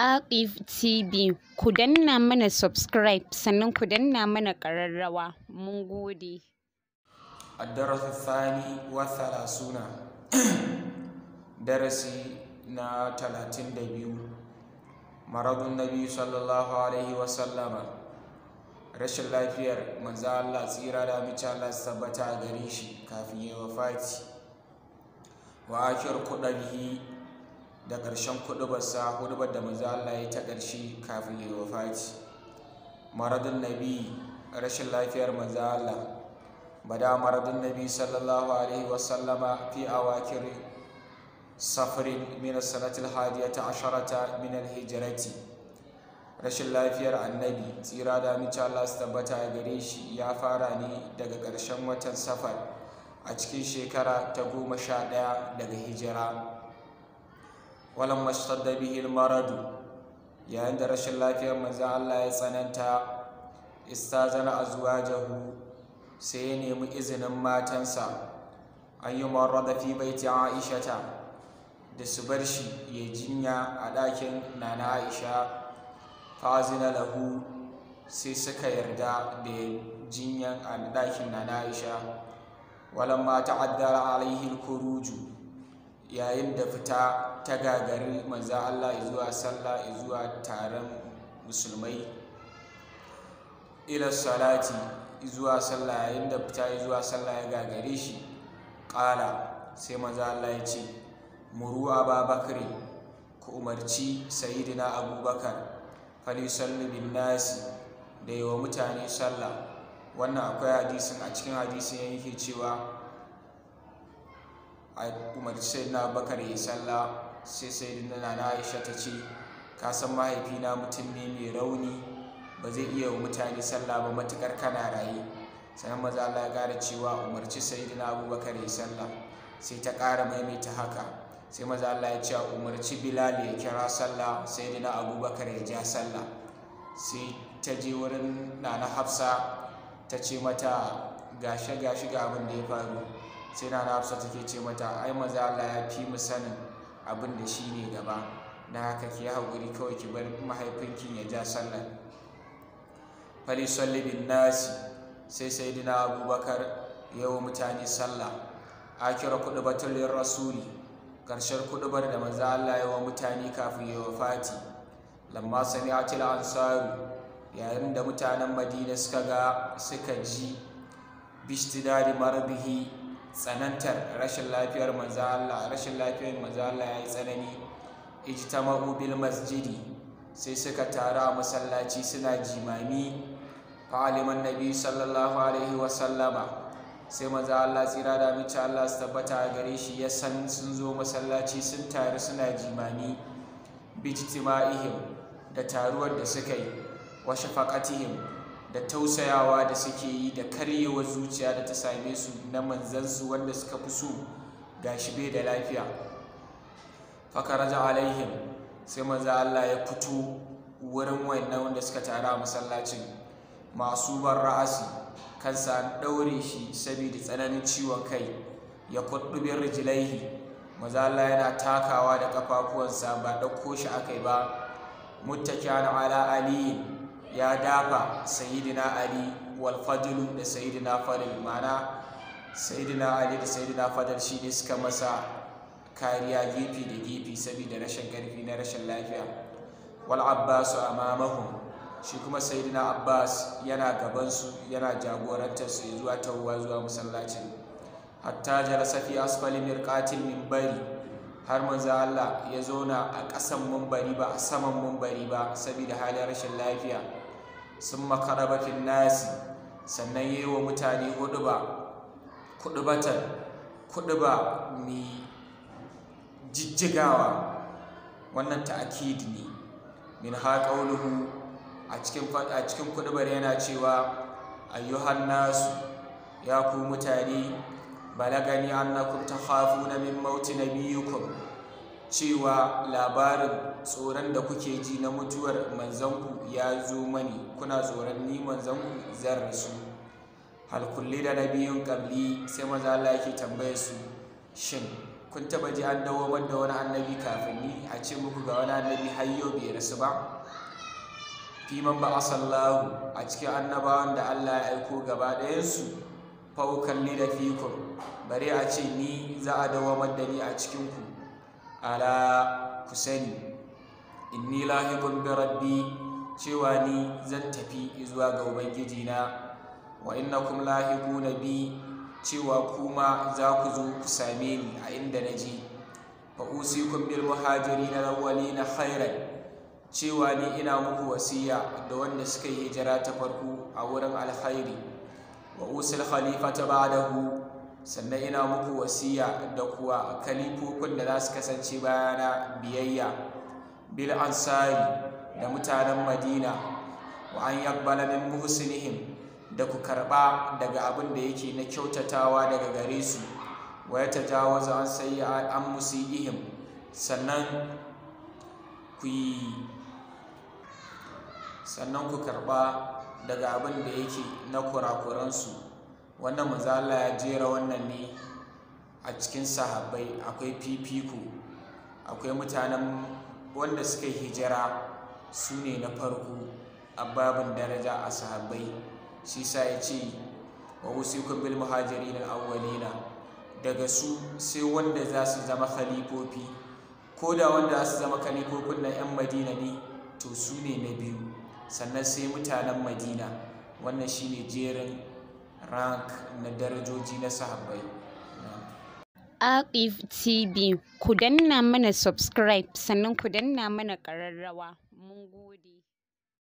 Aqif TV ku danna mana subscribe sannan ku danna mana kararrawa mun gode Addarasu sani wa salasuna darasi na 32 maradun nabi sallallahu alaihi wa sallama rashin lafiyar, manzo Allah tsira da mu cha Allah sabbata gare shi kafin ya wafati wa akhir da ƙarshen kuɗubarsa hudubar da manzo Allah ya ta ƙarshe kafin ya yi wafati maradun nabi rashin lafiyar manzo Allah bada maradun nabi sallallahu alaihi wasallama fi awakir safarin min sanatil hadiyata asharata min hijirati. rashin lafiyar annabi tsira da amince Allah su tabbata gare shi ya fara ne daga ƙarshen watan safar a cikin shekara ta goma sha ɗaya daga hijira walan shadda bihi maradu yayin da rashin lafiyar manzan Allah ya tsananta istazana azwajahu sai ya nemi izinin matansa an yi marrada fi baiti aishata da su bar shi ya jinya a ɗakin nana aisha fazina lahu sai suka yarda da jinyan a ɗakin nana aisha walamma ta'addara alaihi kuruju yayin da fita ta gagari manza Allah zuwa sallah zuwa taron musulmai ila salati zuwa sallah yayin da fita zuwa sallah ya gagare shi ƙala sai manza Allah ya ce ba Babakri, ku umarci sayidina abubakar sallu bin nasi da yi mutane sallah wannan akwai hadisin a cikin hadisin yake cewa a umarci sayyidina bakar ya sallah sai sayyidina na aisha ta ce ka san mahaifina mutum ne mai rauni ba zai iya wa mutane sallah ba matukar kana raye sannan maza Allah ya gara cewa umarci sayyidina abubakar ya sallah sai ta ƙara maimaita haka sai maza Allah ya ce umarci bilal ya kira sallah sayyidina abubakar ya ja sallah sai ta je wurin nana hafsa ta ce mata gashe gashe ga abin da ya faru sai na hafsa take ce mata ai maza Allah ya fi mu sanin abin da shi ne gaba na haka ki haƙuri kawai ki bar mahaifinki ya ja sallar fali salli bin nasi sai sai dina abubakar yawa mutane sallah akira kudu batulin rasuli ƙarshen bar da maza Allah wa mutane kafin yawa fati lamma sami atil ansaru yayin da mutanen madina suka ga suka ji bishtidari marbihi tsanantar rashin lafiyar manzo Allah rashin lafiyar manzo Allah yayi tsanani ijtama'u bil masjidi sai suka tara masallaci suna jimami aliman nabi sallallahu alaihi wa sallama sai maza Allah tsira da mace Allah su tabbata gare shi ya san sun zo masallaci sun taru suna jimami bijtima'ihim da taruwar da suka yi wa shafaqatihim da tausayawa da suke yi da karyewar zuciya da ta same su na manzansu wanda suka fi su, gashi bai da lafiya fakaraja alaihim sai Maza Allah ya fito wurin wannan wanda suka tara masallacin masu ban ra'asi kansa an ɗaure shi saboda tsananin ciwon kai ya kuɗɗubin rijilaihi maza Allah yana takawa da ƙafafuwansa ba ɗauko shi akai ba muttaki ala aliyin ya dafa sayidina ali wal fadlu da sayidina fadl mana sayidina ali da sayidina fadl shi ne suka masa kariya gefe da gefe saboda rashin karfi na rashin lafiya wal abbasu amamahum shi kuma sayidina abbas yana gabansu yana jagorantarsu zuwa tawwa zuwa musallacin hatta jalasa fi asfali mirqatil bari. har manzo Allah ya zauna a ƙasan mumbari ba a saman mumbari ba saboda halin rashin lafiya sun makarabatin nasi sannan yi wa mutane hudu ba kudu ba mai jijjigawa wannan ta'akid ne min ha a cikin a cikin kudubar yana cewa ayyuhan nasu ya ku mutane balagani annakum takhafuna min mauti nabiyukum cewa labarin tsoron da kuke ji na mutuwar manzanku ya zo mani kuna tsoron ni manzanku zan rasu hal kulli da nabiyun qabli sai maza Allah yake tambaye su shin kun taba ji an dawo da wani annabi kafin ni a ce muku ga wani annabi har yau bai rasu ba fiman ba asallahu a cikin annabawan da Allah ya aiko gaba ɗayansu fa da fikon, bari a ce ni za a dawamar da ni a cikinku. ala ku sani inni lahibun bi rabbi cewa ni zan tafi zuwa ga ubangiji na wa lahiku na bi cewa kuma za ku zo ku same ni a inda na je fa usikum bil na al na khairan cewa ni ina muku wasiya da wanda suka yi hijira ta farko a wurin alkhairi wa usul khalifata ba'dahu sannan ina muku wasiya da kuwa kalifofin da za su kasance bayana biyayya bil ansari da mutanen madina wa an yabbala min muhsinihim da ku karba daga abin da yake na kyautatawa daga gare su wa ya tajawaza an sayi an musiihim sannan ku sannan ku karba daga abin da yake na kurakuransu wannan mazala ya jera wannan ne a cikin sahabbai akwai fifiko akwai mutanen wanda suka hijira su ne na farko a babin daraja a sahabbai shi sa ya ce wa usikum bil muhajirin awwalina daga su sai wanda za su zama khalifofi ko da wanda za su zama khalifofin na 'yan madina ne to su ne na biyu sannan sai mutanen madina wannan shine jerin rank na darajoji na sahabbai Aqif TV ku danna mana subscribe sannan ku danna mana ƙararrawa mun gode